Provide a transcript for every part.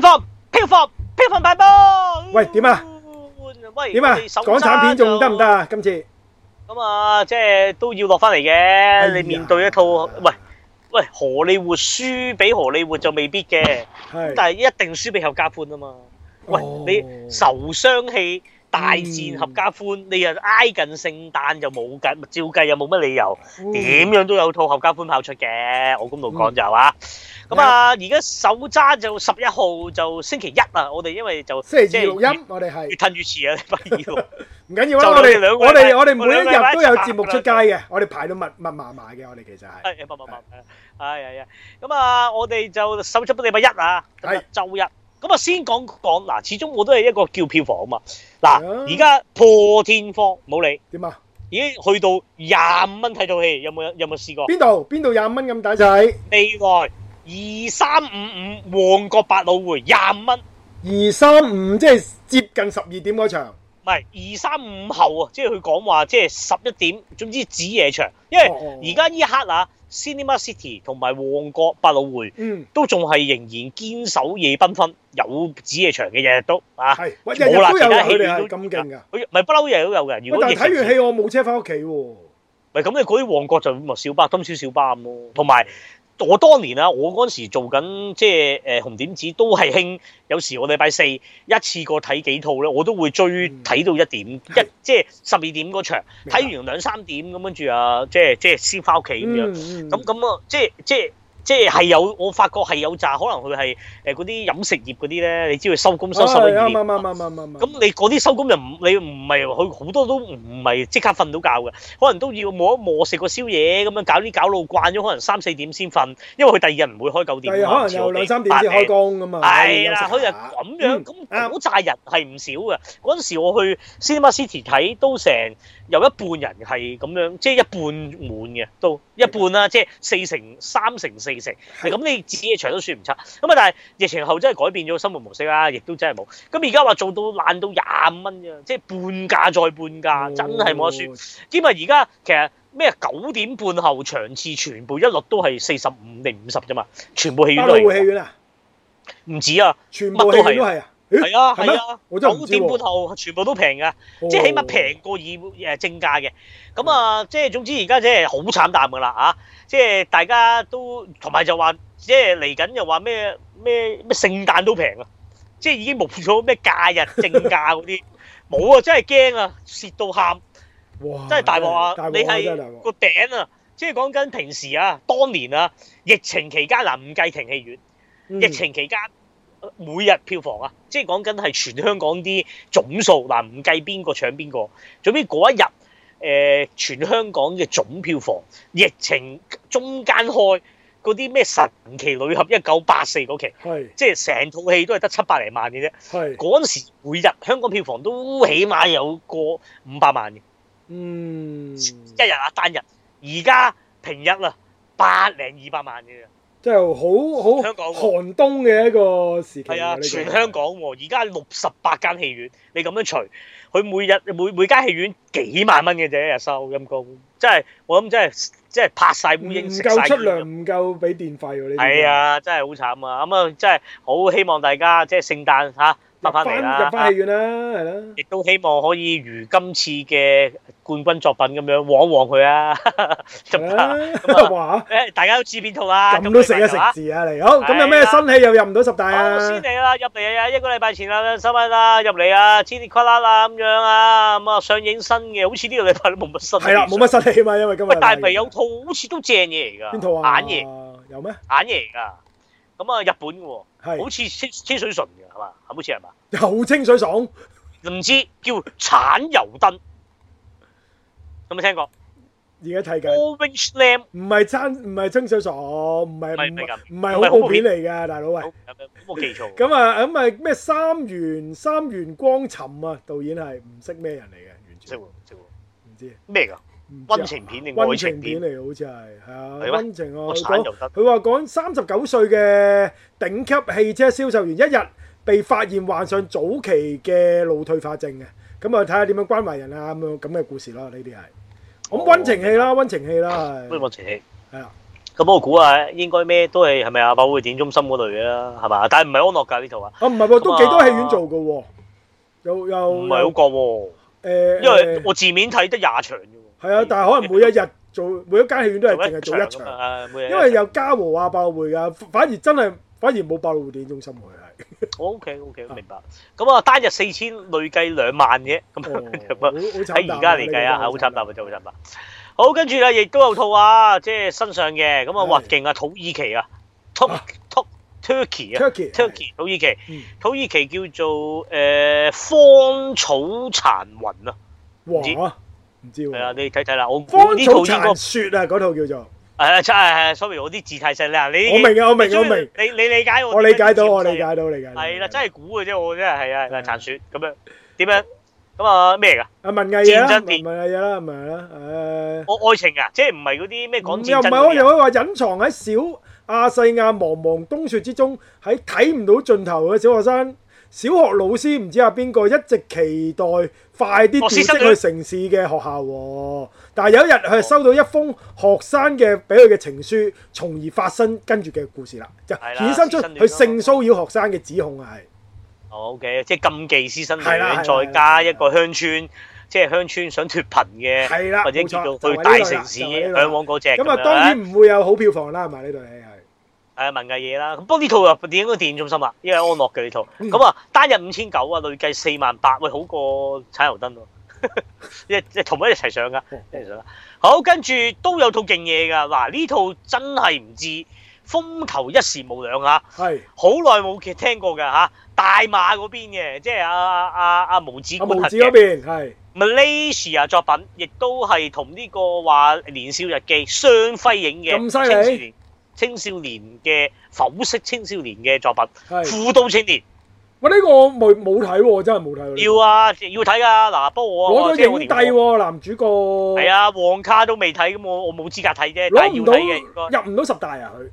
票房，票房，票房排行榜！喂，點啊？喂，點啊？港產片仲得唔得啊？今次咁啊，即係都要落翻嚟嘅。你面對一套，喂喂，荷里活輸俾荷里活就未必嘅，但係一定輸俾合家歡啊嘛。喂，你仇殺戲大戰合家歡，你又挨近聖誕就冇計，照計又冇乜理由，點樣都有套合家歡跑出嘅。我咁度講就係話。咁啊！而家手揸就十一號就星期一啦。我哋因為就即係錄音，我哋係越褪越遲啊！不二唔緊要啊！我哋我哋我哋每一日都有節目出街嘅。我哋排到密密麻麻嘅。我哋其實係密密密。係係啊。咁啊，我哋就手執禮拜一啊。係周一。咁啊，先講講嗱，始終我都係一個叫票房啊嘛。嗱，而家破天荒冇理。點啊？已經去到廿五蚊睇套戲，有冇有冇試過？邊度邊度廿五蚊咁抵睇？意外。二三五五，旺角百老匯廿五蚊。二三五即係接近十二點嗰場，唔係二三五後啊，即係佢講話即係十一點，總之子夜場。因為而家呢一刻啊、哦、，Cinema City 同埋旺角百老匯、嗯、都仲係仍然堅守夜繽紛，有子夜場嘅日日都啊。係，冇啦，而家戲院都咁勁嘅。唔係不嬲，日日都有嘅家、啊。如果睇完戲我冇車翻屋企喎。咪咁你嗰啲旺角就咪小巴、通宵小、小巴咁同埋。我當年啊，我嗰陣時做緊即係誒紅點子都係興，有時我禮拜四一次過睇幾套咧，我都會追睇到一點、嗯、一即係十二點嗰場，睇咩？完兩三點咁跟住啊，即係即係先返屋企咁樣，咁咁啊即係即係。即係係有，我發覺係有紮，可能佢係誒嗰啲飲食業嗰啲咧，你知佢收工收收到點？咁你嗰啲收工又唔，你唔係佢好多都唔係即刻瞓到覺嘅，可能都要磨一磨食個宵夜咁樣，搞啲搞到慣咗，可能三四點先瞓，因為佢第二日唔會開九點，可能有兩三點先開工咁啊！係啦，佢就咁樣，咁好紮人係唔少嘅。嗰陣時我去 Cinema City 睇都成有一半人係咁樣，即係一半滿嘅，都一半啦，即係四成三成四。你食，咁你指嘅場都算唔出，咁啊但係疫情後真係改變咗生活模式啦，亦都真係冇。咁而家話做到爛到廿五蚊啫，即係半價再半價，哦、真係冇得算。因為而家其實咩九點半後場次全部一律都係四十五定五十啫嘛，全部戲院都唔、啊、止啊！全部戲院係係啊係啊，九點半後全部都平噶，即係、oh. 起碼平過二誒正價嘅。咁啊，即係總之而家即係好慘淡噶啦啊！即係大家都同埋就話，即係嚟緊又話咩咩咩聖誕都平啊！即係已經冇咗咩假日正價嗰啲，冇 啊！真係驚啊，蝕到喊哇、啊啊！真係大鑊啊！你係個頂啊！即係講緊平時啊，當年啊，疫情期間嗱、啊，唔計停戲院，疫情期間。每日票房啊，即係講緊係全香港啲總數嗱，唔計邊個搶邊個。總之嗰一日，誒、呃、全香港嘅總票房，疫情中間開嗰啲咩神奇女俠一九八四嗰期，是即係成套戲都係得七百零萬嘅啫。嗰陣是時每日香港票房都起碼有過五百萬嘅，嗯，一日啊單日，而家平日啦，百零二百萬嘅。即係好好香港寒冬嘅一個時期，係啊，啊全香港喎、啊。而家六十八間戲院，你咁樣除佢，每日每每間戲院幾萬蚊嘅啫，一日收陰功。即係我諗，真係即係拍晒，烏蠅食晒，夠出糧唔夠俾電費喎、啊？呢啲係啊，真係好慘啊！咁、嗯、啊，真係好希望大家即係聖誕嚇。啊翻翻嚟啦，入翻戲院啦，係啦。亦都希望可以如今次嘅冠軍作品咁樣，旺旺佢啊！咁啊，話啊，誒，大家都知邊套啊。咁都食啊食字啊嚟，好咁有咩新戲又入唔到十大啊？先嚟啦，入嚟啊！一個禮拜前啊，十蚊啊，入嚟啊，千跌垮甩啦咁樣啊，咁啊上映新嘅，好似呢個禮拜都冇乜新。係啦，冇乜新戲啊，因為今日。喂，大肥有套好似都正嘢嚟㗎。邊套啊？眼型有咩？眼型㗎。咁啊，日本嘅係，好似清清水純嘅，係嘛，好似係嘛，油清水爽，唔知叫橙油燈，有冇聽過？而家睇緊，唔係真，唔係清水爽，唔係唔係好好片嚟嘅，大佬、嗯、啊！冇記錯。咁啊，咁啊，咩三元三元光沉啊？導演係唔識咩人嚟嘅，完全識喎識喎，唔知咩㗎。溫情片定愛情片嚟，好似係係啊，溫情啊。佢話講三十九歲嘅頂級汽車銷售員，一日被發現患上早期嘅腦退化症嘅，咁啊睇下點樣關懷人啊咁樣咁嘅故事啦。呢啲係，咁溫情戲啦，溫情戲啦。溫情戲係啊。咁我估啊，應該咩都係係咪啊？百老匯電影中心嗰類嘅啦，係嘛？但係唔係安樂噶呢套啊？哦，唔係，都幾多戲院做噶，又又唔係好講。誒，因為我字面睇得廿場。係啊，但係可能每一日做每一間戲院都係淨係做一場，因為有嘉禾啊包會啊，反而真係反而冇百老匯電影中心佢係。我 OK OK 明白。咁啊單日四千累計兩萬嘅咁啊喺而家嚟計啊，好慘淡啊真好慘淡。好跟住啊亦都有套啊，即係身上嘅咁啊，哇勁啊，土耳其啊，Top Top Turkey 啊，Turkey Turkey 土耳其，土耳其叫做誒芳草殘雲啊。唔知喎，係啊，你睇睇啦，我呢套應該雪啊，嗰套叫做，係啊，即係，sorry 我啲字太細啦，你我明啊，我明我明，你你理解我，我理解到，我理解到嚟噶，係啦，真係估嘅啫，我真係係啊，殘雪咁樣，點樣咁啊咩嚟噶？啊文藝片，文藝片，文藝啦，誒，我愛情啊，即係唔係嗰啲咩港產，又唔係我，又可以話隱藏喺小亞細亞茫茫冬雪之中，喺睇唔到盡頭嘅小學生。小學老師唔知阿邊個一直期待快啲調職去城市嘅學校，但係有一日佢收到一封學生嘅俾佢嘅情書，從而發生跟住嘅故事啦，就衍生出佢性騷擾學生嘅指控啊，係、哦、OK，即係禁忌師生戀，再加一個鄉村，即係鄉村想脫貧嘅，係啦，或者接到去大城市嚮往嗰隻咁啊，當然唔會有好票房啦，係咪呢對嘢吧啊！係文藝嘢啦，咁不過呢套又電影嘅電影中心啦，因為安樂嘅呢套，咁啊、嗯、單日五千九啊，累計四萬八，喂好過踩油燈喎，即 係同佢一齊上噶，一齊上啦，好，跟住都有套勁嘢噶，嗱呢套真係唔知風頭一時無兩吓，係好耐冇聽過嘅吓、啊，大馬嗰邊嘅，即係阿阿阿阿無字孤行嘅，馬來西亞作品，亦都係同呢個話年少日記雙輝影嘅，咁犀利。青少年嘅剖析，青少年嘅作品，是輔導青年。這個、我呢個冇冇睇喎，真係冇睇。這個、要啊，要睇啊。嗱，不、啊啊、過我我都好低男主角。係啊，旺卡都未睇咁，我我冇資格睇啫。攞唔到要入唔到十大啊？佢誒、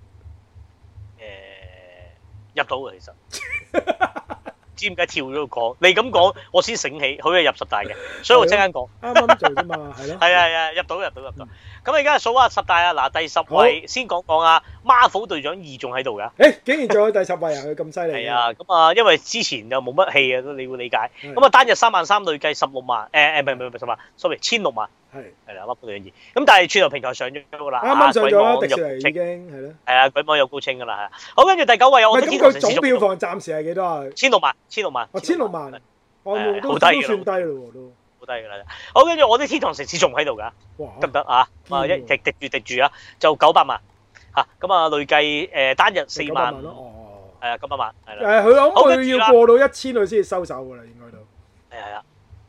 呃、入到嘅，其實。 知點解跳咗度講？你咁講，我先醒起，好嘅入十大嘅，所以我即刻講啱啱做咯，係啊係啊，入到入到入到。咁你而家數下十大啊，嗱第十位先講講啊，《Marvel 隊長二》仲喺度㗎？誒，竟然仲喺第十位啊，佢咁犀利啊！咁啊，因為之前又冇乜戲啊，你理會理解。咁啊，單日三萬三累計十六萬，誒誒，唔係唔係唔係十六萬，sorry，千六萬。係係啦，咁但係串流平台上咗啦，啱啱上咗，滴住已經係咯。係啊，鬼網有高清噶啦，係。好，跟住第九位我啲天堂城佢總票房暫時係幾多啊？千六萬，千六萬。千六萬，我冇都都算低咯。好低噶啦。好，跟住我啲天堂城市仲喺度噶。得唔得啊？咁啊，滴滴住滴住啊，就九百萬。吓，咁啊，累計誒單日四萬。九百萬咯。係啊，九百萬。係啦。佢要過到一千佢先收手噶啦，應該都。係係啦。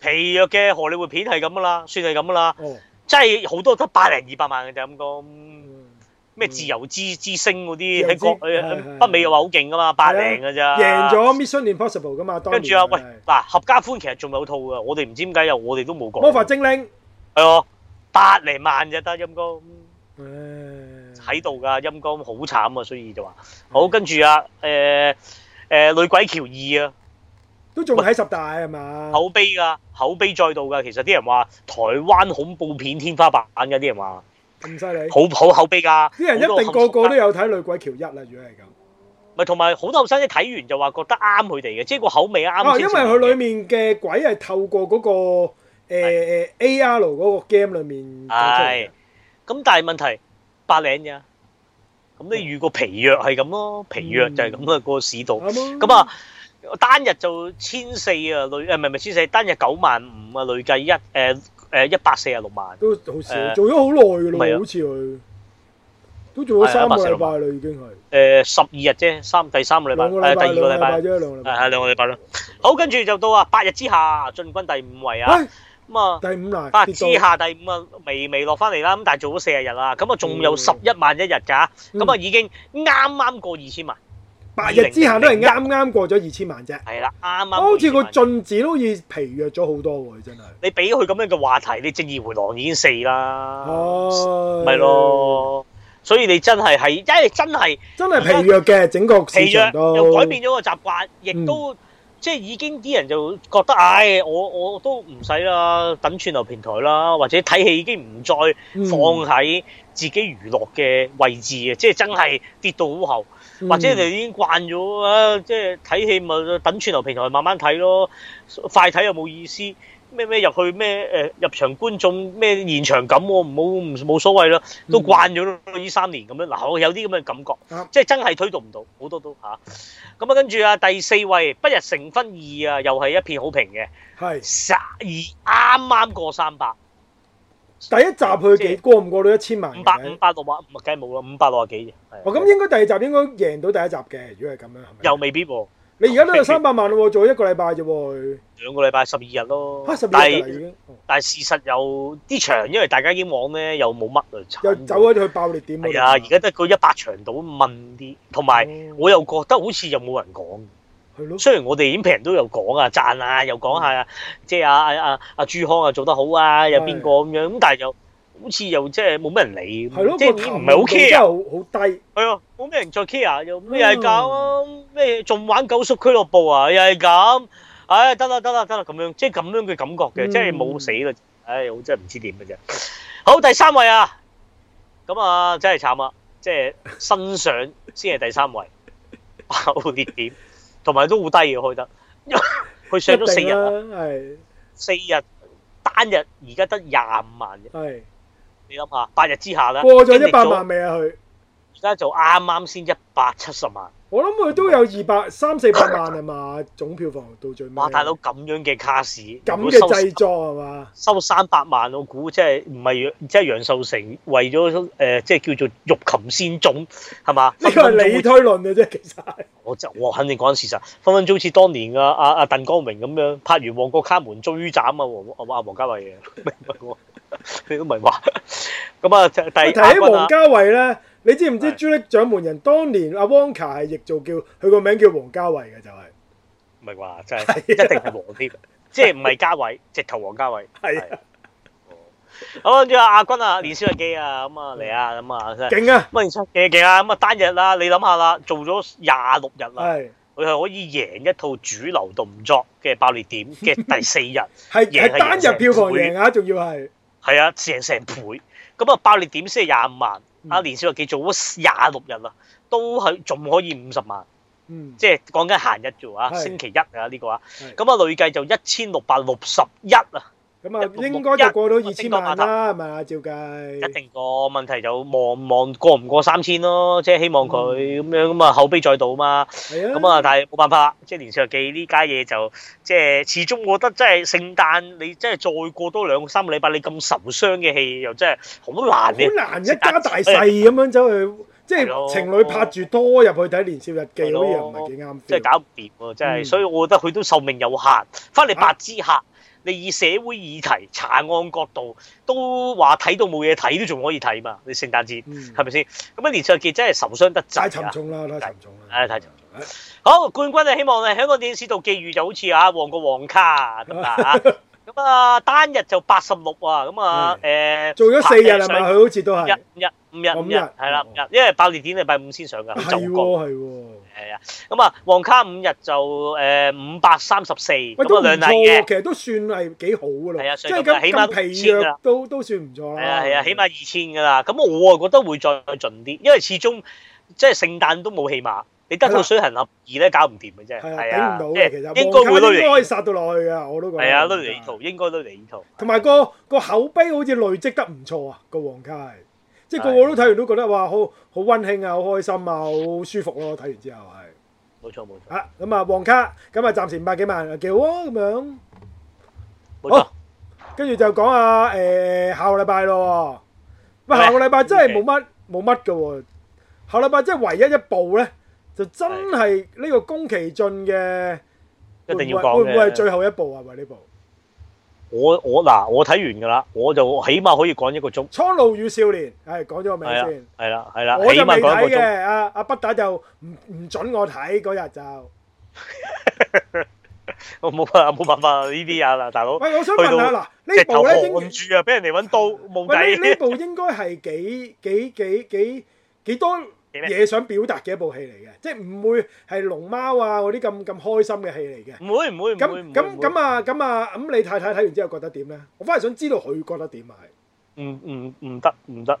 疲弱嘅荷里活片係咁噶啦，算係咁噶啦，即係好多得百零二百萬嘅啫。陰公咩自由之之聲嗰啲喺國北美又話好勁噶嘛，百零嘅咋。贏咗 Mission Impossible 噶嘛，跟住啊喂嗱，合家歡其實仲有套噶，我哋唔知點解又我哋都冇講。魔法精靈係喎，百零萬就得陰公，喺度噶陰公好慘啊，所以就話好跟住啊誒誒女鬼橋二啊。都仲喺十大係嘛？口碑噶，口碑再度噶。其實啲人話台灣恐怖片天花板噶，啲人話咁犀利，好好口碑噶。啲人一定個個都有睇《女鬼橋一》啦，如果係咁。咪同埋好多後生一睇完就話覺得啱佢哋嘅，即係個口味啱。因為佢裏面嘅鬼係透過嗰個誒 A R 嗰個 game 裏面。係。咁但係問題白領啫，咁你遇個疲弱係咁咯，疲弱就係咁啦個市道。咁啊。單日就千四啊，累誒，唔係唔係千四，單日九萬五啊，累計一誒誒一百四啊六萬。都好少，做咗好耐噶啦，唔係啊，好似佢都做咗三個禮拜啦，已經係誒十二日啫，三第三個禮拜，誒第二個禮拜啫，兩個禮拜，係係兩個禮拜啦。好，跟住就到啊白日之下進軍第五位啊，咁啊第五啦，白日之下第五啊，微微落翻嚟啦，咁但係做咗四十日啊，咁啊仲有十一萬一日噶，咁啊已經啱啱過二千萬。白日之下都係啱啱過咗二千萬啫，係啦，啱啱。好似個進字都好似疲弱咗好多喎、欸，真係。你俾佢咁樣嘅話題，你《正義回廊》已經死啦，咪咯、哎。所以你真係係，因為真係真係疲弱嘅在弱整個市場又改變咗個習慣，亦都、嗯、即係已經啲人就覺得，唉、哎，我我都唔使啦，等串流平台啦，或者睇戲已經唔再放喺自己娛樂嘅位置嘅，嗯、即係真係跌到好後。或者你哋已經慣咗啊，即係睇戲咪等串流平台慢慢睇咯，快睇又冇意思。咩咩入去咩誒入場觀眾咩現場感喎，冇唔冇所謂啦，都慣咗呢、嗯、三年咁樣嗱，我有啲咁嘅感覺，即係真係推動唔到好多都嚇咁啊。跟住啊，第四位《不日成婚二》啊，又係一片好評嘅，係十二啱啱過三百。第一集佢幾過唔過到一千萬？五百五百六百，咪梗係冇咯，五百六十幾嘅，哦，咁應該第二集應該贏到第一集嘅，如果係咁樣，又未必喎、啊。你而家都有三百萬啦，做一個禮拜啫喎。兩個禮拜十二日咯，嚇，十二日已經，但係事實有啲場，因為大家已經忙咧，又冇乜嚟踩。又走咗去爆裂點。係啊的，而家得個一百場度問啲，同埋我又覺得好似又冇人講。雖然我哋已經平都有講啊，讚啊，又講下，啊，即係啊，啊，阿、啊、阿、啊、朱康啊做得好啊，有邊個咁樣咁，但係又好似又即係冇咩人理，係咯即係唔係好 care，好低，係啊，冇咩人再 care，又又係咁，咩仲玩九叔俱樂部啊，又係咁，唉、哎，得啦得啦得啦咁樣，即係咁樣嘅感覺嘅，即係冇死啦，唉、哎，我真係唔知點嘅啫。好，第三位啊，咁啊真係慘啊，即係新上先係第三位爆裂點。.同埋都好低嘅開得， 佢上咗四日係四日單日而家得廿五萬嘅。是你諗下，白日之下咧，過咗一百萬未啊？佢而家就啱啱先一百七十萬。我諗佢都有二百三四百萬係嘛？的總票房到最尾。哇、啊！大佬咁樣嘅卡士，咁嘅製作係嘛？收三百萬，我估即係唔係即係楊受成為咗誒、呃，即係叫做欲擒先縱係嘛？呢個係理推論嘅啫，其實。我我肯定講緊事實，分分鐘好似當年啊啊啊鄧光榮咁樣，拍完《旺角卡門》追斬啊，阿阿、啊啊、王家衛嘅，明唔明佢都明話。咁啊，第睇喺王家衛咧，你知唔知朱力獎門人是的 當年阿旺卡係譯做叫，佢個名叫王家衛嘅就係，明話真係一定係黃添，即係唔係家衞， 直頭王家衛係。好跟住阿阿君啊，年少日記啊，咁啊嚟啊，咁啊真係勁啊，乜年少日記勁啊，咁啊單日啦，你諗下啦，做咗廿六日啦，係，佢係可以贏一套主流動作嘅爆裂點嘅第四日，係係單日票房贏啊，仲要係，係啊，成成倍，咁啊爆裂點先係廿五萬，阿年少日記做咗廿六日啦，都係仲可以五十萬，即係講緊閒日做啊，星期一啊呢個啊，咁啊累計就一千六百六十一啊。咁啊，應該就過到二千萬啦，係咪啊？照計，一定個問題就望望過唔過三千咯，即係希望佢咁樣咁、嗯、啊，口碑再度啊嘛。咁啊，但係冇辦法啦，即係《年少日記》呢家嘢就即係始終，我覺得即係聖誕你即係再過多兩三個禮拜，你咁受傷嘅戲又真係好難。好難一家大細咁樣走去，即係情侶拍住多入去睇《年少日記、啊》好似又唔係幾啱，即係搞掂喎，真係。所以我覺得佢都壽命有限，翻嚟白日之下。啊你以社會議題查案角度都話睇到冇嘢睇，都仲可以睇嘛？你聖誕節係咪先？咁啊，連卓健真係受傷得滯太沉重啦，太沉重啦！係太沉重。好，冠軍啊！希望喺香港電視度寄寓就好似啊，旺過旺卡啊，咁啊，單日就八十六啊，咁啊誒，做咗四日係咪？佢好似都係。五日五日係啦，五日，因為爆裂點禮拜五先上噶，唔做過係喎。係啊，咁啊，旺卡五日就誒五百三十四，咁啊，兩大嘢其實都算係幾好噶咯。係啊，即係今起碼都都算唔錯啦。係啊係啊，起碼二千噶啦。咁我啊覺得會再盡啲，因為始終即係聖誕都冇起碼，你得到水行合二咧搞唔掂嘅啫。係啊，頂唔到。即係應該會累嚟，應該殺到落去嘅。我都得。係啊，都嚟圖應該都嚟圖。同埋個個口碑好似累積得唔錯啊，個旺卡。即係個個都睇完都覺得哇，好好溫馨啊，好開心啊，好舒服咯！睇完之後係，冇錯冇錯啊！咁啊，旺卡咁啊，暫時五百幾萬，幾好啊！咁樣好，跟住就講啊，誒，下個禮拜咯，喂，下個禮拜真係冇乜冇乜嘅，下個禮拜即係唯一一部咧，就真係呢個宮崎駿嘅，一定要講，會唔會係最後一部啊？喂，呢部。我我嗱，我睇完噶啦，我就起碼可以講一個鐘。《蒼鷺與少年》係講咗個名先？係啦係啦，我就未睇嘅。阿阿北打就唔唔準我睇嗰日就，我冇啊冇辦法啊呢啲嘢啦，大佬。喂，我想問下嗱，呢部咧應住啊，俾人哋揾到冇計。呢呢部應該係幾幾幾幾幾多？嘢想表達嘅一部戲嚟嘅，即係唔會係龍貓啊嗰啲咁咁開心嘅戲嚟嘅。唔會唔會咁咁咁啊咁啊咁！咁你太太睇完之後覺得點咧？我反而想知道佢覺得點啊！係唔唔唔得唔得？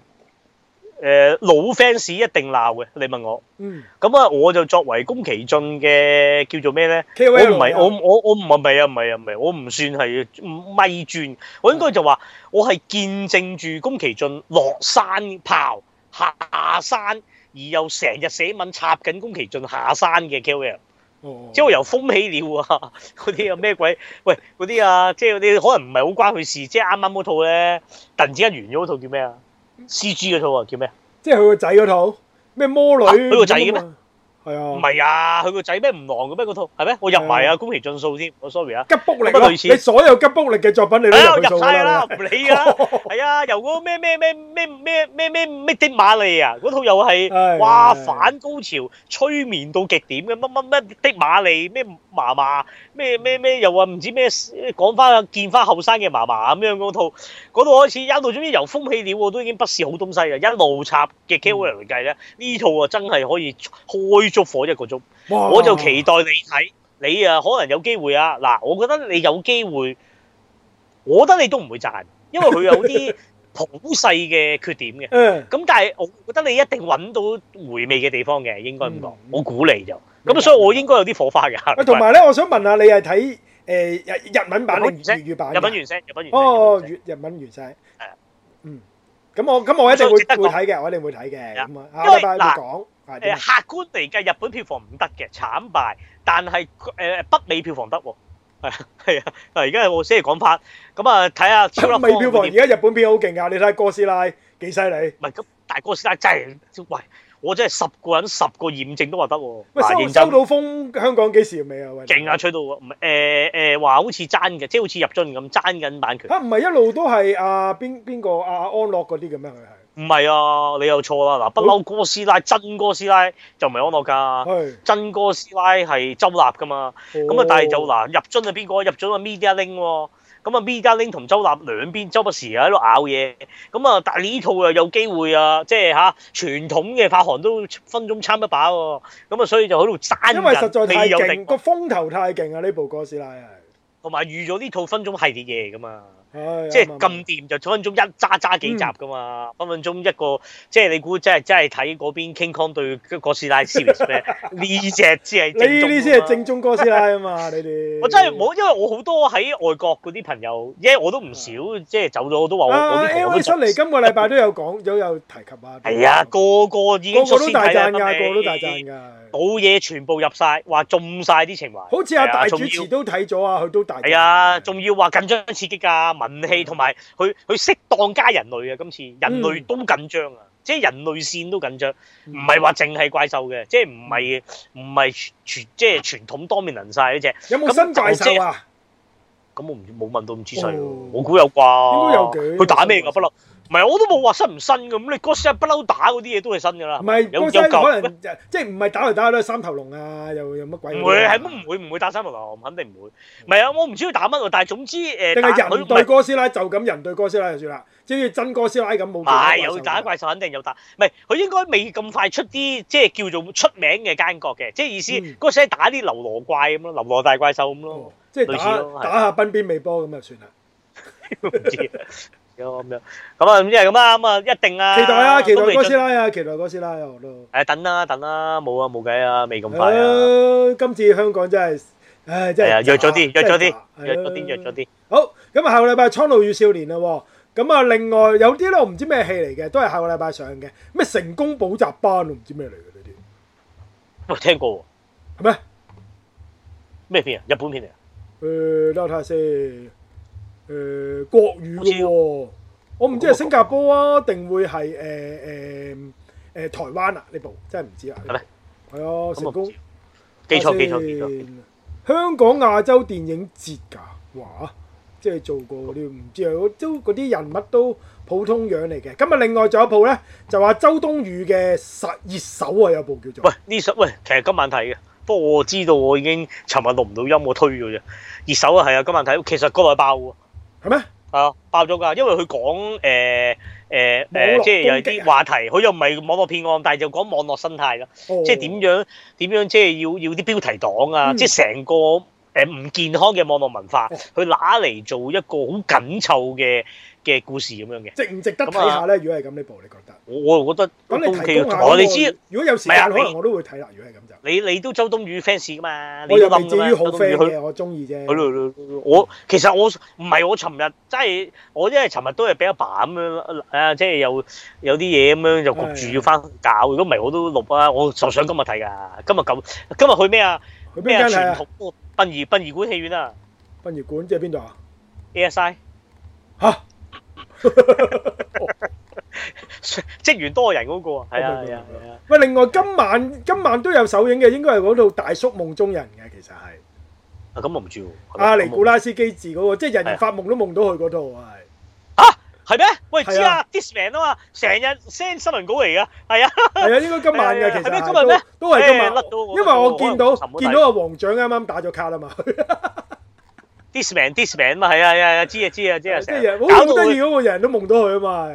誒、呃、老 fans 一定鬧嘅，你問我。嗯。咁啊，我就作為宮崎駿嘅叫做咩咧頭？我唔係我我我唔係啊唔係啊唔係！我唔算係咪專，轉嗯、我應該就話我係見證住宮崎駿落山炮下山。下山而又成日寫文插緊宮崎駿下山嘅 KOL，即係由風起了啊！嗰啲有咩鬼？喂，嗰啲啊，即係嗰啲可能唔係好關佢事。即係啱啱嗰套咧，突然之間完咗嗰套叫咩啊？CG 嗰套啊，叫咩？即係佢個仔嗰套咩魔女？佢個仔咩？係啊，唔係啊，佢個仔咩唔狼？嘅咩嗰套，係咩？我入埋啊，宮崎駿數先。我 sorry 啊，吉卜力咯，你所有吉卜力嘅作品你都入晒啦，唔理㗎，係啊，由嗰個咩咩咩咩咩咩咩咩的馬利啊，嗰套又係哇反高潮，催眠到極點嘅，乜乜乜的馬利咩？麻麻咩咩咩，又話唔知咩講，翻見翻後生嘅麻麻咁樣，嗰套嗰套開始一度，總之由風氣了，我都已經不是好東西啊，一路插嘅 KOL 嚟計咧，呢套啊，真係可以開足火一個鐘，哇我就期待你睇你啊，可能有機會啊。嗱，我覺得你有機會，我覺得你都唔會賺，因為佢有啲普世嘅缺點嘅，咁 但係我覺得你一定揾到回味嘅地方嘅，應該咁講，嗯、我估你就。咁所以我應該有啲火花嘅。同埋咧，我想問下你係睇誒日日文版定粵語版？日文原聲，日本原哦，粵日文原聲。係嗯，咁我咁我一定會會睇嘅，我一定會睇嘅。咁啊，因為嗱，客觀嚟嘅日本票房唔得嘅，慘敗。但係誒北美票房得喎。係啊，係而家有個先係講法。咁啊，睇下北美票房。而家日本片好勁噶，你睇下哥斯拉幾犀利？唔係，大哥斯拉真係超我真係十個人十個驗證都話得喎，收，啊、收到封香港幾時未啊？勁啊！吹到喎，唔係誒誒話好似爭嘅，即係好似入樽咁爭緊版權。啊，唔係一路都係阿邊邊個阿安樂嗰啲嘅咩？佢係唔係啊？你又錯啦！嗱、哦，不嬲哥斯拉，真哥斯拉就唔係安樂㗎，是真哥斯拉係周立㗎嘛。咁、哦、啊，但係就嗱入樽係邊個？入咗啊，Media Link 喎、哦。咁啊，邊家玲同周立兩邊，周不時喺度咬嘢。咁、嗯、啊，但係呢套又有機會啊，即係嚇傳統嘅發行都分鐘參一把喎、哦。咁、嗯、啊，所以就喺度爭，因為實在太勁，個風頭太勁啊！呢部哥斯拉係，同埋預咗呢套分鐘系列嘢嚟㗎嘛。即係咁掂，就分分鐘一揸揸幾集㗎嘛，分分鐘一個，即係你估，真係真係睇嗰邊 King Kong 對哥斯拉 series 呢隻先係正宗。呢啲先係正宗哥斯拉啊嘛！你哋？我真係冇，因為我好多喺外國嗰啲朋友，因為我都唔少，即係走咗。我都話我。啊，因為出嚟今個禮拜都有講，有有提及啊。係啊，個個已經出都大讚㗎，個個都大讚㗎。賭嘢全部入晒，話中晒啲情懷。好似阿大主持都睇咗啊，佢都大。係啊，仲要話緊張刺激啊，文戲同埋佢佢適當加人類啊。今次，人類都緊張啊，即係人類線都緊張，唔係話淨係怪獸嘅，即係唔係唔係傳即係傳統多面人晒。只。有冇新怪獸啊？咁我唔冇問到咁仔細，我估有啩。佢打咩㗎？不嬲。唔係，我都冇話新唔新嘅，咁你哥斯拉不嬲打嗰啲嘢都係新噶啦。唔係，哥斯拉可能即係唔係打嚟打去都係三頭龍啊，又有乜鬼？唔會，係唔會唔會打三頭龍，肯定唔會。唔係啊，我唔知佢打乜啊，但係總之誒，人對哥斯拉就咁人對哥斯拉就算啦。即係真哥斯拉咁冇做怪獸，有打怪獸肯定有打。唔係，佢應該未咁快出啲即係叫做出名嘅奸角嘅，即係意思哥斯拉打啲流羅怪咁咯，流羅大怪獸咁咯，即係打打下賓邊未波咁就算啦。唔知啊。咁樣，咁啊唔知係咁啊，咁啊一定啊，期待啊，期待哥斯拉啊，期待哥斯拉啊，我都誒等啦，等啦，冇啊，冇計啊，未咁快啊。今次香港真係，誒真係弱咗啲，弱咗啲，弱咗啲，弱咗啲。好，咁啊下個禮拜《蒼鷺與少年》啦，咁啊另外有啲咧，我唔知咩戲嚟嘅，都係下個禮拜上嘅，咩成功補習班，唔知咩嚟嘅呢啲。喂，聽過喎，係咩？咩片啊？日本片嚟？誒，睇下先。誒、呃、國語嘅喎、哦，我唔知係新加坡啊，定會係誒誒誒台灣啊？呢部真係唔知啊。係咪嗎？係啊、哎喲，成功。基礎基礎。香港亞洲電影節㗎，哇！即係做過，你唔知啊，都嗰啲人物都普通樣嚟嘅。咁啊，另外仲有一部咧，就話周冬雨嘅實熱搜啊，有部叫做。喂呢首喂，其實今晚睇嘅，不過我知道我已經尋日錄唔到音，我推咗啫。熱搜啊，係啊，今晚睇，其實嗰個爆。係咩？係啊，爆咗噶，因為佢講誒誒誒，即係有啲話題，佢又唔係網絡騙案，但係就講網絡生態咯，oh。即係點樣點樣，即係要要啲標題黨啊，嗯、即係成個誒唔、呃、健康嘅網絡文化，佢揦嚟做一個好緊湊嘅嘅故事咁樣嘅，值唔值得睇下咧？如果係咁呢部，你覺得？我我又覺得，咁你提我哋知。如果有時可以，我都會睇啦。如果係咁就，你你都周冬雨 fans 噶嘛？我源自於好冬雨嘅，我中意啫。我其實我唔係我尋日真係我，因為尋日都係俾阿爸咁樣啊，即係有有啲嘢咁樣，就焗住要翻搞。如果唔係，我都錄啊。我就想今日睇噶，今日咁今日去咩啊？去咩啊？去傳統殯儀殯儀館戲院啊！殯儀館即係邊度啊？ASI 吓。職員多人嗰個係啊，係啊。喂，另外今晚今晚都有首映嘅，應該係嗰套《大叔夢中人》嘅，其實係啊，咁我唔知喎。阿尼古拉斯基治嗰個，即係人人發夢都夢到佢嗰套啊，吓係咩？喂，知啊，This man 啊嘛，成日 send 新聞稿嚟噶。係啊，係啊，應該今晚嘅，其實今日咩都係今晚，因為我見到見到阿黃長啱啱打咗卡啦嘛。disman disman，嘛，係啊係啊，知啊知啊知啊，成日搞到嗰個人都夢到佢啊嘛，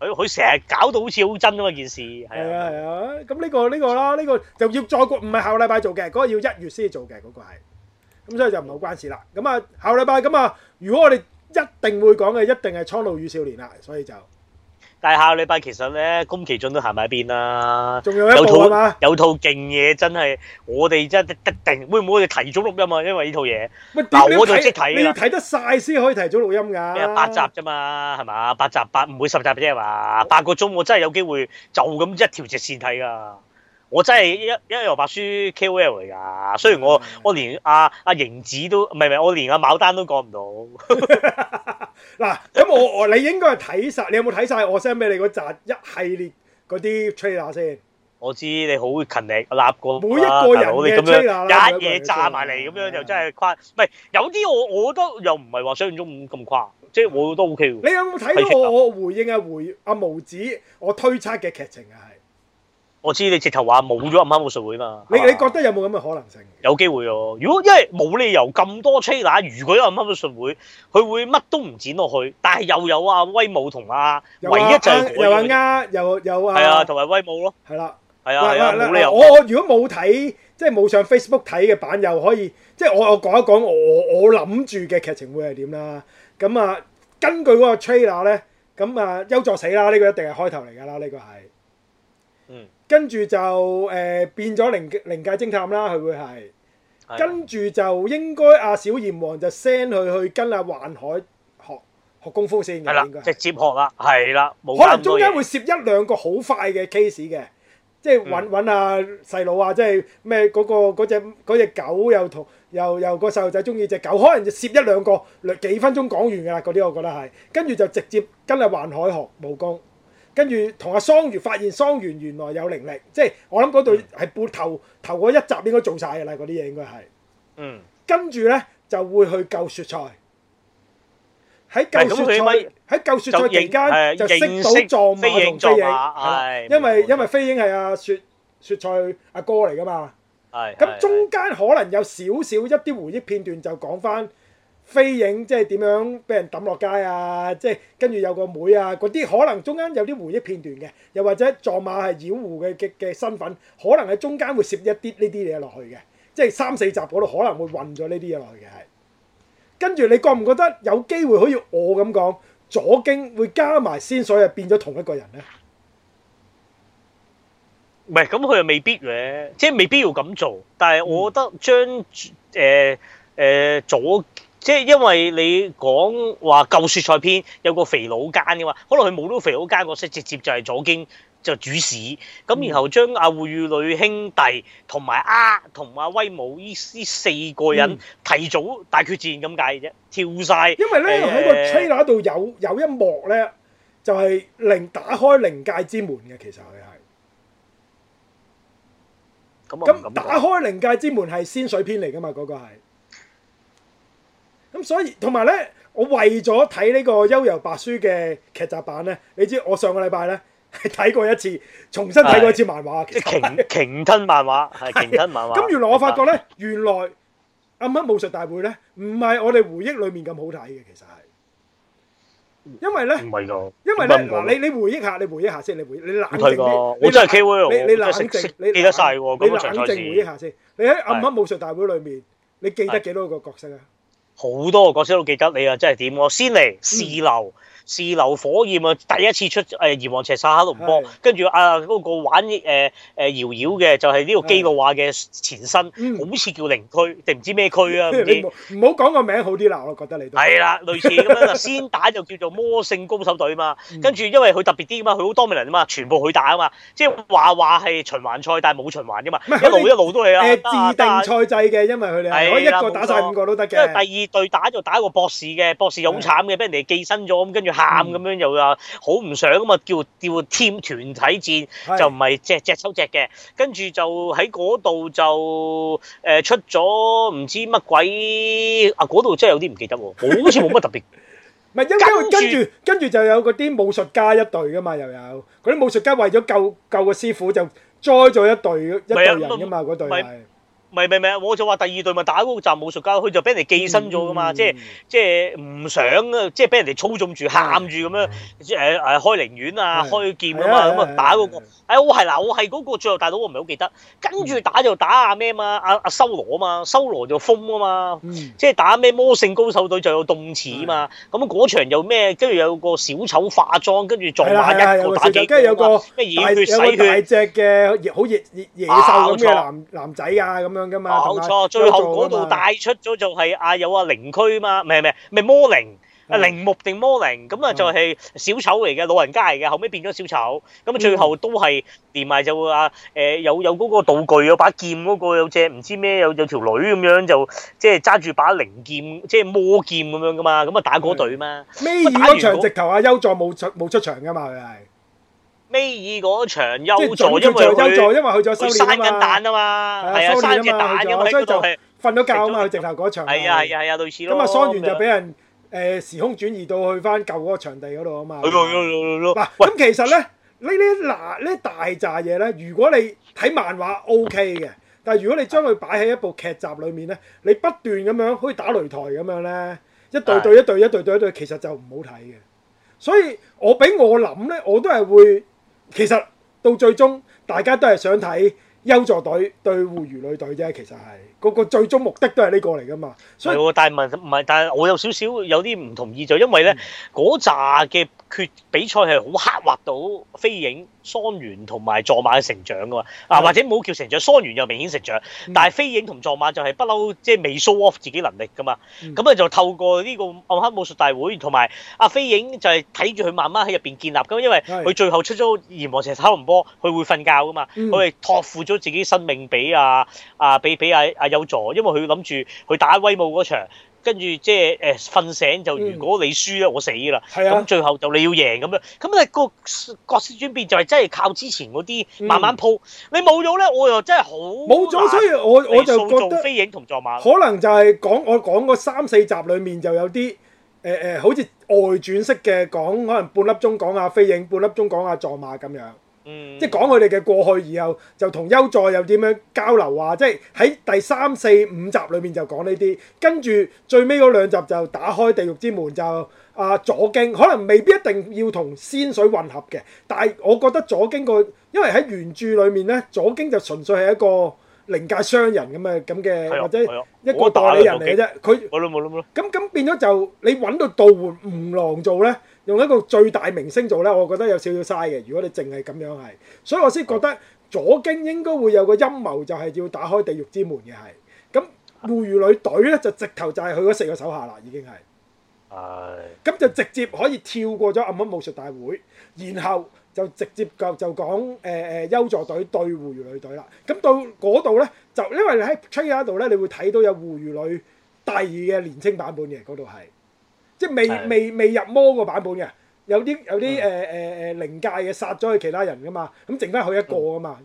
佢佢成日搞到好似好真啊嘛，件事係啊啊。咁呢個呢個啦，呢個就要再過，唔係下禮拜做嘅嗰個，要一月先做嘅嗰個，係咁，所以就唔好關事啦，咁啊下禮拜，咁啊如果我哋一定會講嘅，一定係《蒼鷺與少年》啦，所以就。但係下個禮拜其實咧，宮崎駿都行埋一邊啦，有，有套有套勁嘢真係，我哋真係得定會唔會我哋提，、啊、提早錄音啊？因為呢套嘢，嗱我就即睇你要睇得晒先可以提早錄音㗎，八集啫嘛，係嘛？八集八唔會十集啫嘛，八個鐘我真係有機會就咁一條直線睇㗎。我真係一一幽白書 K O L 嚟㗎，雖然我是的 我連阿阿螢子都，唔係唔係，我連阿、啊、牡丹都講唔到。嗱，咁我我你應該係睇晒，你有冇睇晒我 send 俾你嗰扎一系列嗰啲 trailer 先？我知你好勤力立，立過每一個人都咁、啊、樣一嘢炸埋嚟，咁樣就真係誇，唔係是的 有啲我我,我都又唔係話想像中咁誇，即係我都 O K 嘅。你有冇睇到我,我回應阿回阿毛子我推測嘅劇情啊？係。我知你直頭話冇咗暗黑武術會嘛？你吧你覺得有冇咁嘅可能性？有機會喎！如果因為冇理由咁多 trailer，如果有暗黑武術會，佢會乜都唔剪落去，但係又有阿威武同阿、啊啊、唯一就又話呃，又又係啊，同埋、啊啊、威武咯，係啦了，係啊，冇理由。我我如果冇睇，即係冇上 Facebook 睇嘅版又可以即係我我講一講我我我諗住嘅劇情會係點啦。咁啊，根據嗰個 trailer 咧，咁啊，休作死啦！呢個、那個、一定係開頭嚟㗎啦，呢個係。跟住就誒變咗靈靈界偵探啦，佢會係。係。跟住就應該阿小炎王就 send 佢去跟阿幻海學學功夫先嘅。係直接學啦。係啦，可能中間會攝一兩個好快嘅 case 嘅，即係揾揾啊細佬啊，即係咩嗰個嗰隻嗰隻、嗰個嗰個嗰個嗰個、狗又同又又，又，又個細路仔中意隻狗，可能就攝一兩個兩幾分鐘講完㗎啦。嗰啲我覺得係，跟住就直接跟阿幻海學武功。跟住同阿桑原發現桑原原來有靈力，即係我諗嗰度係撥頭頭嗰一集應該做晒嘅啦，嗰啲嘢應該係。嗯。跟住咧就會去救雪菜。喺救雪菜喺救雪菜期間就識到藏馬同飛影。啊，因為因為飛影係阿雪雪菜阿哥嚟噶嘛。係。咁中間可能有少少一啲回憶片段就講翻。飛影即係點樣俾人抌落街啊！即係跟住有個妹啊，嗰啲可能中間有啲回憶片段嘅。又或者撞馬係掩護嘅嘅身份，可能喺中間會攝一啲呢啲嘢落去嘅，即係三四集嗰度可能會混咗呢啲嘢落去嘅。係，跟住你覺唔覺得有機會好似我咁講左京會加埋先，所以變咗同一個人咧？唔係咁，佢又未必嘅，即係未必要咁做。但係我覺得將誒誒左。即係因為你講話舊雪菜篇有個肥佬奸嘅話，可能佢冇到肥佬奸角色，直接就係左京就主使，咁然後將阿護與女兄弟同埋啊同阿威武呢四個人提早大決戰咁解嘅啫，跳晒。因為咧喺個 trailer 度有有一幕咧，就係靈打開靈界之門嘅，其實佢係咁咁打開靈界之門係仙水篇嚟㗎嘛，嗰個係。咁所以，同埋咧，我為咗睇呢個《幽遊白書》嘅劇集版咧，你知我上個禮拜咧係睇過一次，重新睇過一次漫畫。鯨鯨吞漫畫，係鯨吞漫畫。咁原來我發覺咧，原來暗黑武術大會咧，唔係我哋回憶裡面咁好睇嘅，其實係。因為咧，唔係㗎。因為咧，嗱，你你回憶下，你回憶下先，你回憶你冷靜啲。我真係 K O，你你冷靜，你記得晒喎。你冷靜回憶下先，你喺暗黑武術大會裡面，你記得幾多個角色啊？好多個角色都記得你啊！即係點？我先嚟試樓。是流火焰啊！第一次出誒炎黃邪殺克龍波，跟住啊嗰個玩誒誒搖搖嘅就係呢個基路華嘅前身，好似叫零區定唔知咩區啊？唔知唔好講個名好啲啦，我覺得你都係啦，類似咁樣。先打就叫做魔性高手隊嘛，跟住因為佢特別啲嘛，佢好多名人啊嘛，全部去打啊嘛，即係話話係循環賽，但係冇循環嘅嘛，一路一路都係啦。誒自定賽制嘅，因為佢哋係可以一個打曬五個都得嘅。因為第二隊打就打一個博士嘅，博士好慘嘅，俾人哋寄生咗咁，跟住。喊咁樣又話好唔想啊嘛，叫叫 team 團體戰就唔係隻隻抽隻嘅，跟住就喺嗰度就誒出咗唔知乜鬼啊，嗰度真係有啲唔記得喎，好似冇乜特別。唔係因為跟住跟住就有嗰啲武術家一隊㗎嘛，又有嗰啲武術家為咗救救個師傅就栽咗一隊一隊人㗎嘛，嗰隊係。唔係，唔係，我就話第二隊咪打嗰個站武術家，佢就俾人哋寄生咗噶嘛，即係即係唔想啊，即係俾人哋操縱住喊住咁樣，誒誒開靈院啊，開劍啊嘛，咁啊打嗰個，誒我係嗱我係嗰個最後大佬，我唔係好記得。跟住打就打阿咩啊嘛，阿阿修羅啊嘛，修羅就封啊嘛，即係打咩魔性高手隊就有動詞啊嘛，咁嗰場又咩？跟住有個小丑化妝，跟住撞埋一打嘅，跟住有個大有個大隻嘅好野野獸咁嘅男男仔啊咁樣。冇錯，最後嗰度帶出咗就係阿有阿陵區嘛，唔係唔係唔係魔靈，阿陵木定魔靈咁啊，就係小丑嚟嘅，老人家嚟嘅，後尾變咗小丑，咁啊最後都係連埋就阿誒有有嗰個道具，有把劍嗰個，有隻唔知咩，有有條女咁樣就即係揸住把靈劍，即係魔劍咁樣噶嘛，咁啊打嗰隊嘛，尾二嗰場直頭阿優助冇出冇出場噶嘛，佢係。尾二嗰場，即係助一助，因為去咗收療啊嘛，佢生緊蛋啊嘛，係啊，所以就瞓咗覺啊嘛，佢直頭嗰場，係啊係啊係啊，到咁啊，喪完就俾人誒時空轉移到去翻舊嗰個場地嗰度啊嘛，嗱，咁其實咧呢啲嗱呢大扎嘢咧，如果你睇漫畫 OK 嘅，但係如果你將佢擺喺一部劇集裏面咧，你不斷咁樣好似打擂台咁樣咧，一對對一對一對對一對，其實就唔好睇嘅。所以我俾我諗咧，我都係會。其實到最終，大家都係想睇。幽助隊對護魚女隊啫，其實係個、那個最終目的都係呢個嚟噶嘛。係喎，但係唔唔係，但係我有少少有啲唔同意就因為咧嗰扎嘅決比賽係好刻畫到飛影桑原同埋藏馬嘅成長噶嘛。啊、是或者冇叫成長，桑原又明顯成長，嗯、但係飛影同藏馬就係不嬲，即係未 show off 自己能力噶嘛。咁啊、嗯，就透過呢個暗黑武術大會同埋阿飛影就係睇住佢慢慢喺入邊建立咁，因為佢最後出咗炎殺黑龍波，佢會瞓覺噶嘛，佢係、嗯、託付咗。都自己生命俾啊啊俾俾啊啊有助，因為佢諗住佢打威武嗰場，跟住即係誒，瞓醒就、嗯、如果你輸啦，我死啦，咁、嗯、最後就你要贏咁樣，咁你個角色轉變就係真係靠之前嗰啲慢慢鋪，嗯、你冇咗咧，我又真係好冇咗，所以我我就覺得飛影同座馬，可能就係講我講嗰三四集裏面就有啲誒誒，好似外傳式嘅講，可能半粒鐘講下飛影，半粒鐘講下座馬咁樣。即係講佢哋嘅過去，然後就同幽助又點樣交流啊？即係喺第三四五集裏面就講呢啲，跟住最尾嗰兩集就打開地獄之門就阿、啊、左京，可能未必一定要同仙水混合嘅，但係我覺得左京個，因為喺原著裏面咧，左京就純粹係一個靈界商人咁嘅咁嘅，啊、或者一個代理人嚟嘅啫。佢咁咁變咗就你揾到道魂吳狼做咧。用一個最大明星做咧，我覺得有少少嘥嘅。如果你淨係咁樣係，所以我先覺得左京應該會有個陰謀，就係要打開地獄之門嘅係。咁狐魚女隊咧就直頭就係佢嗰四個手下啦，已經係。係。咁就直接可以跳過咗暗黑武術大會，然後就直接講就講誒誒優助隊對狐魚女隊啦。咁到嗰度咧，就因為你喺 training 嗰度咧，你會睇到有狐魚女第二嘅年青版本嘅嗰度係，即係未未未入魔個版本嘅，有啲有啲誒誒誒靈界嘅殺咗去其他人噶嘛，咁剩翻佢一個㗎嘛，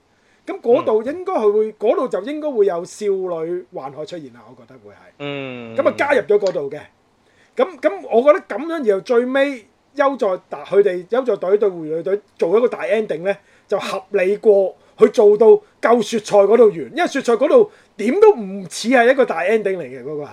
咁嗰度應該佢會嗰度就應該會有少女幻海出現啦，我覺得會係，咁啊加入咗嗰度嘅，咁咁我覺得咁樣然後最尾優在達佢哋優在隊對回隊隊做一個大 ending 咧，就合理過去做到救雪菜嗰度完，因為雪菜嗰度點都唔似係一個大 ending 嚟嘅嗰個係。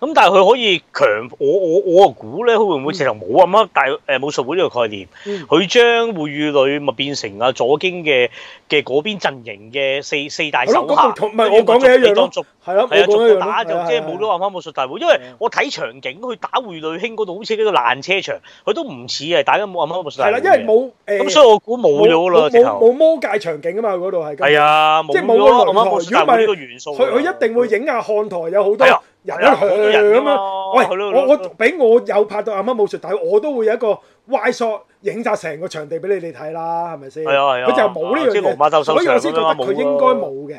咁但係佢可以強我我我啊估咧，佢會唔會直頭冇暗黑？但係誒武術會呢個概念，佢將會女咪變成阿左京嘅嘅嗰邊陣營嘅四四大手下。唔係我講嘅一樣咯，係咯，係啊，仲要打就即係冇咗暗黑武術大會。因為我睇場景，佢打會女兄嗰度好似喺個爛車場，佢都唔似啊！大家冇暗黑武術大會。係啦，因為冇誒，咁所以我估冇咗啦。冇冇魔界場景啊嘛，嗰度係。係啊，冇咗啦。如果唔係，佢佢一定會影下看台有好多。人一響咁樣，喂，我我俾我有拍到阿媽武術大會，我都會有一個 Y 索影晒成個場地俾你哋睇啦，係咪先？係啊係啊，即係羅馬鬥獸咁樣。我先覺得佢應該冇嘅，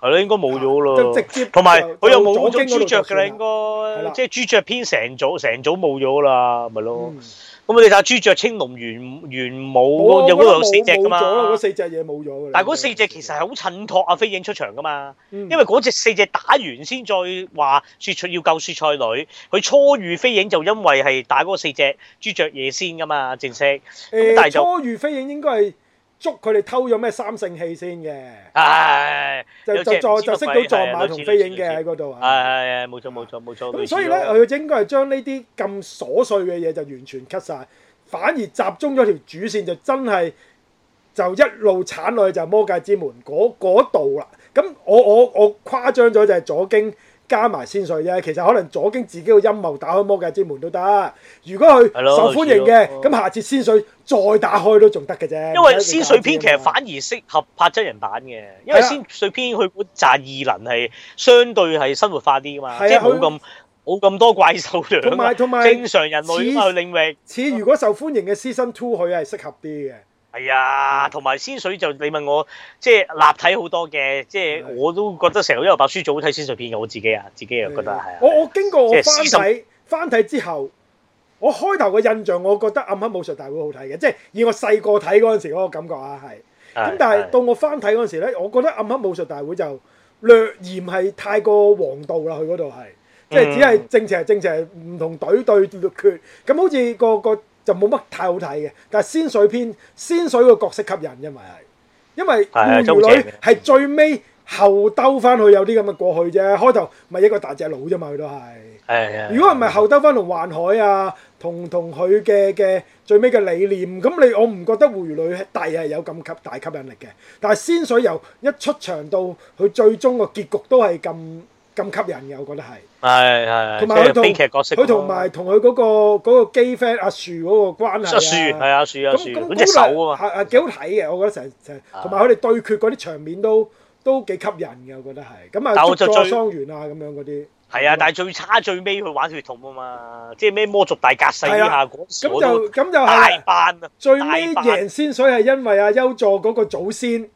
係咯，應該冇咗咯。就直接同埋佢又冇咗豬腳㗎啦，應該。係啦，即係豬腳編成組成組冇咗啦，咪咯。咁啊！你睇下朱雀青龍玄玄武，哦、有嗰度有四隻噶嘛？那個、四隻有，但係嗰四隻其實係好襯托阿飛影出場噶嘛，嗯、因為嗰隻四隻打完先再話雪菜要救雪菜女。佢初遇飛影就因為係打嗰四隻朱雀嘢先噶嘛，正式。誒、欸，初遇飛影應該係。捉佢哋偷咗咩三聖器先嘅、哎呀，就就坐就，就，就，就識到藏馬同飛影嘅喺嗰度啊！係冇錯冇錯冇錯。咁所以咧，佢應該係將呢啲咁瑣碎嘅嘢就完全 cut 晒，反而集中咗條主線就真係就一路鏟落去就魔界之門嗰度啦。咁我我我誇張咗就係左京。加埋仙水，啫，其實可能左京自己個陰謀打開魔界之門都得。如果佢受歡迎嘅，咁的下次仙水再打開都仲得嘅啫。因為仙水篇其實反而適合拍真人版嘅，的因為仙水篇佢會揸異能係相對係生活化啲嘛，的即係冇咁冇咁多怪獸同埋，有正常人類嘅似領域。似如果受歡迎嘅，season two 佢係適合啲嘅。係啊，同埋仙水就你問我，即係立體好多嘅，即係我都覺得成日因為白書組好睇仙水片嘅，我自己啊，自己又覺得係啊。我我經過我翻睇翻睇之後，我開頭嘅印象，我覺得暗黑武術大會好睇嘅，即係以我細個睇嗰陣時嗰個感覺啊係。咁但係到我翻睇嗰陣時咧，我覺得暗黑武術大會就略嫌係太過黃道啦，佢嗰度係，即係只係正邪正邪唔同隊對決，咁好似個個。就冇乜太好睇嘅，但係仙水篇，仙水個角色吸引，因為係因為狐女係最尾後，後兜翻去有啲咁嘅過去啫，開頭咪一個大隻佬啫嘛，佢都係。的如果唔係後兜翻同幻海啊，同同佢嘅嘅最尾嘅理念，咁你我唔覺得狐女第係有咁吸大吸引力嘅。但係仙水由一出場到佢最終個結局都係咁咁吸引嘅，我覺得係。係係，佢係悲劇角色。佢同埋同佢嗰個嗰個機 friend 阿樹嗰個關係啊。阿樹係阿樹阿樹，嗰隻手啊嘛。係啊，幾好睇嘅，我覺得成成。同埋佢哋對決嗰啲場面都都幾吸引嘅，我覺得係。咁啊，助咗桑園啊，咁樣嗰啲。係啊，但係最差最尾佢玩血統啊嘛，即係咩魔族大格士啊嗰時我都。大班啊！大班。最尾贏先，所以係因為阿優助嗰個祖先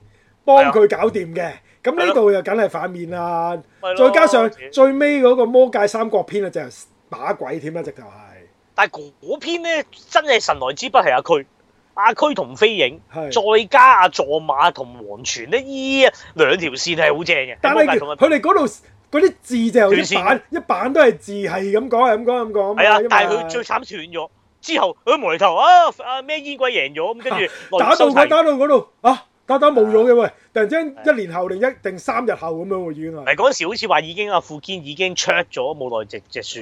幫佢搞掂嘅。咁呢度又梗係反面啦了，再加上最尾嗰個魔界三國篇啊，就係打鬼添啦，直頭係。但係嗰篇咧，真係神來之筆，係阿區，阿區同飛影，是的 再加阿座馬同黃泉呢依兩條線係好正嘅。但係佢哋嗰度嗰啲字就一版」，「線一版」都係字，係咁講係咁講咁講。係的是啊，但係佢最慘斷咗之後，佢無厘頭啊！阿咩煙鬼贏咗咁，跟住打到佢打到嗰度啊！我得冇咗嘅喎，突然之間一年後定一定三日後咁樣喎已經啊！誒嗰陣時好似話已經阿富堅已經 check 咗冇耐隻隻樹，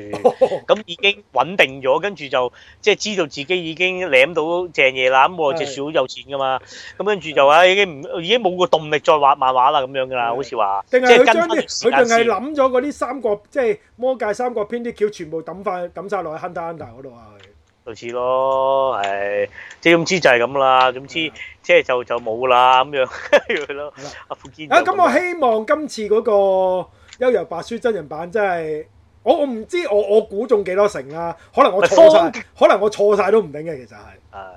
咁、哦、已經穩定咗，跟住就即係知道自己已經舐到正嘢啦。咁我隻樹好有錢㗎嘛，咁是跟住就啊已經唔已經冇個動力再畫漫畫啦咁樣㗎啦，的好似話。定係跟住，佢定係諗咗嗰啲《三國》即係《魔界三國篇》啲橋全部抌翻抌曬落去《Hunter Hunter》嗰度啊！嗯類似咯，係、哎、即係總之就係咁啦，總之即係就了、啊、就冇啦咁樣咯。阿啊咁我希望今次嗰、那個《幽遊白書》真人版真係，我我唔知我我估中幾多成啊？可能我錯，方可能我錯晒都唔定嘅，其實係，係、哎、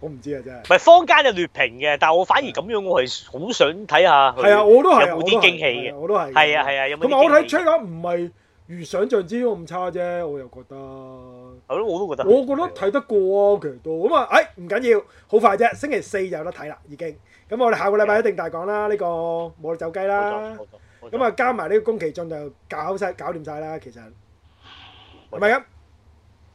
我唔知啊，真係。唔係坊間有劣評嘅，但係我反而咁樣我係好想睇下有有，係啊，我都係有冇啲驚喜嘅，我都係，係啊係啊，啊，有咁我睇出咗唔係如想象之中咁差啫，我又覺得。我都我都覺得，我覺得睇得過喎，強度咁啊！誒，唔緊要，好快啫，星期四就有得睇啦，已經。咁我哋下個禮拜一定大講啦，呢個冇走雞啦，咁啊加埋呢個宮崎駿就搞曬搞掂曬啦，其實唔係咁。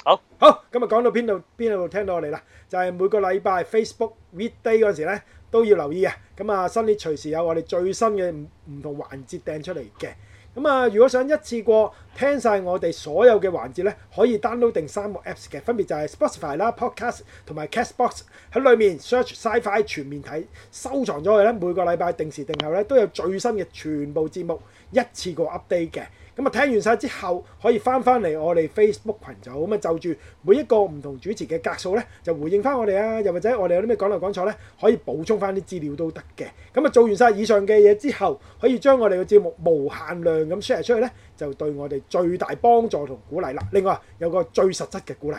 好，好，咁啊講到邊度邊度聽到我哋啦？就係每個禮拜 Facebook Read Day 嗰陣時咧，都要留意啊。咁啊，新帖隨時有我哋最新嘅唔唔同環節掟出嚟嘅。咁啊，如果想一次過。聽晒我哋所有嘅環節咧，可以 download 定三個 Apps 嘅，分別就係 Spotify 啦、Podcast 同埋 Castbox 喺裏面 search sci-fi 全面睇，收藏咗佢咧，每個禮拜定時定候咧都有最新嘅全部節目一次過 update 嘅。咁啊，聽完晒之後可以翻翻嚟我哋 Facebook 群組咁啊，就住每一個唔同主持嘅格數咧，就回應翻我哋啊，又或者我哋有啲咩講漏講錯咧，可以補充翻啲資料都得嘅。咁啊，做完晒以上嘅嘢之後，可以將我哋嘅節目無限量咁 share 出去咧。就對我哋最大幫助同鼓勵啦！另外，有個最實質嘅鼓勵。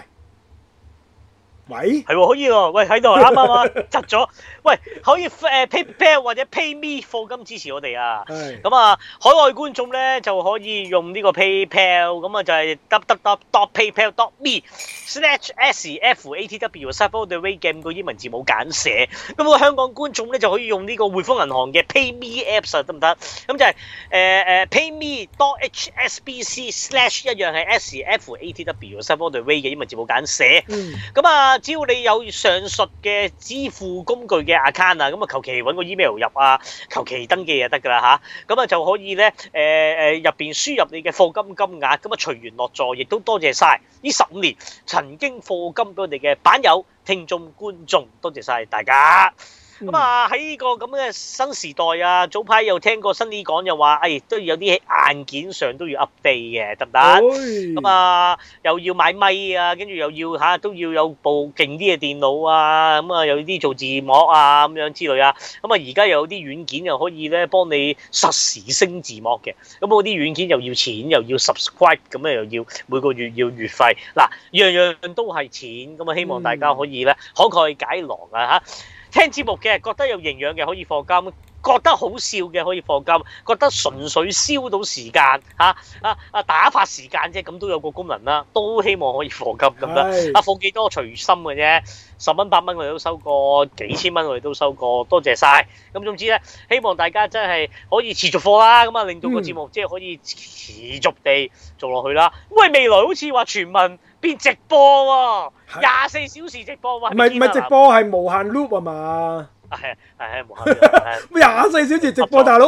喂，係、啊、可以喎，喂喺度啱啱啊，砸咗，喂可以誒 PayPal 或者 PayMe 貨金支持我哋啊，咁是的 啊海外觀眾咧，就可以用呢個 PayPal，咁啊就係、是、www dot PayPal dot me slash S F A T W seven 對 V 嘅個英文字母簡寫。咁個、啊、香港觀眾咧，就可以用呢個匯豐銀行嘅 PayMe Apps 啊得唔得？咁就係、是、誒誒、呃呃、PayMe dot H S B C slash 一樣係 S F A T W seven 對 V 嘅英文字母簡寫。咁、嗯、啊。只要你有上述嘅支付工具嘅 account 啊，咁啊求其揾個 email 入啊，求其登記就得噶啦吓，咁啊就可以咧，誒誒入邊輸入你嘅課金金額，咁啊隨緣落座，亦都多謝晒呢十五年曾經課金俾我哋嘅版友、聽眾、觀眾，多謝晒大家。咁啊！喺呢、嗯、個咁嘅新時代啊，早排又聽過 Sunny 講，又話誒都要有啲喺硬件上都要 update 嘅，等等咁啊，又要買咪啊，跟住又要嚇都要有部勁啲嘅電腦啊，咁啊有啲做字幕啊咁樣之類啊，咁啊而家有啲軟件又可以咧幫你實時升字幕嘅，咁嗰啲軟件又要錢又要 subscribe，咁樣又要每個月要月費，嗱樣樣都係錢，咁啊希望大家可以咧慷慨解囊啊嚇！聽節目嘅覺得有營養嘅可以課金，覺得好笑嘅可以課金，覺得純粹燒到時間嚇啊啊打發時間啫，咁都有個功能啦，都希望可以課金咁啦，啊課幾多隨心嘅啫，十蚊八蚊我哋都收過，幾千蚊我哋都收過，多謝晒！咁總之咧，希望大家真係可以持續課啦，咁啊令到個節目即係可以持續地做落去啦。喂，未來好似話傳聞。直播喎，廿四小時直播嘛？唔係，唔係直播，係無限 loop 啊嘛，係係係無限 loop，廿四小時直播，大佬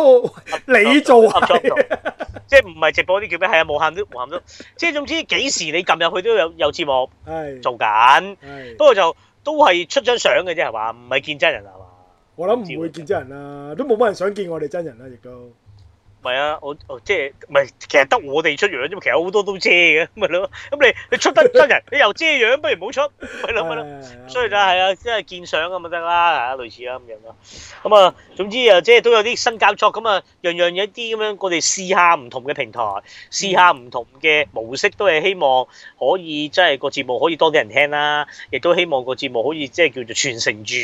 你做合作，即係唔係直播啲叫咩？係啊，無限 loop 無限 loop，即係總之幾時你撳入去都有有節目做緊。不過就都係出張相嘅啫係嘛，唔係見真人係嘛？我諗唔會見真人啦，都冇乜人想見我哋真人啦亦都。唔係啊！我哦即係，唔係其實得我哋出樣啫嘛，其實好多都遮嘅，咁咪咯。咁你你出得真人，你又遮樣，不如唔好出，咪咯咪咯。所以就係啊，即係見相咁咪得啦，係啊，類似啦咁樣咯。咁啊，總之啊，即係都有啲新嘅合作，咁啊樣樣嘢一啲咁樣，我哋試下唔同嘅平台，試下唔同嘅模式，都係希望可以即係個節目可以多啲人聽啦。亦都希望個節目可以即係叫做傳承住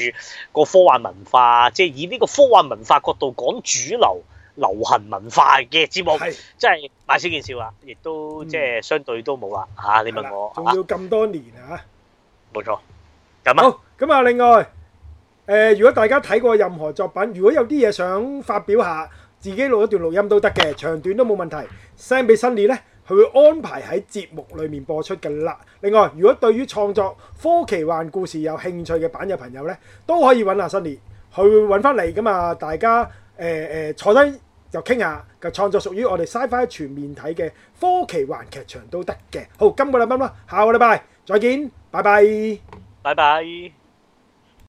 個科幻文化，即係以呢個科幻文化角度講主流。流行文化嘅節目，即係買少件笑買少見少啦，亦都即係相對都冇啦嚇。嗯、你問我，仲要咁多年啊？冇錯，咁、啊、好咁啊。另外，誒、呃，如果大家睇過任何作品，如果有啲嘢想發表下，自己錄一段錄音都得嘅，長短都冇問題。send 俾 Sunny 咧，佢會安排喺節目裡面播出嘅啦。另外，如果對於創作科奇幻故事有興趣嘅版友朋友咧，都可以揾下 Sunny 去揾翻嚟噶嘛。大家誒誒、呃呃、坐低，就傾下就創作屬於我哋 SCIFI 全面睇嘅科奇幻劇場都得嘅。好，今個禮拜啦，下個禮拜再見，拜拜，拜拜。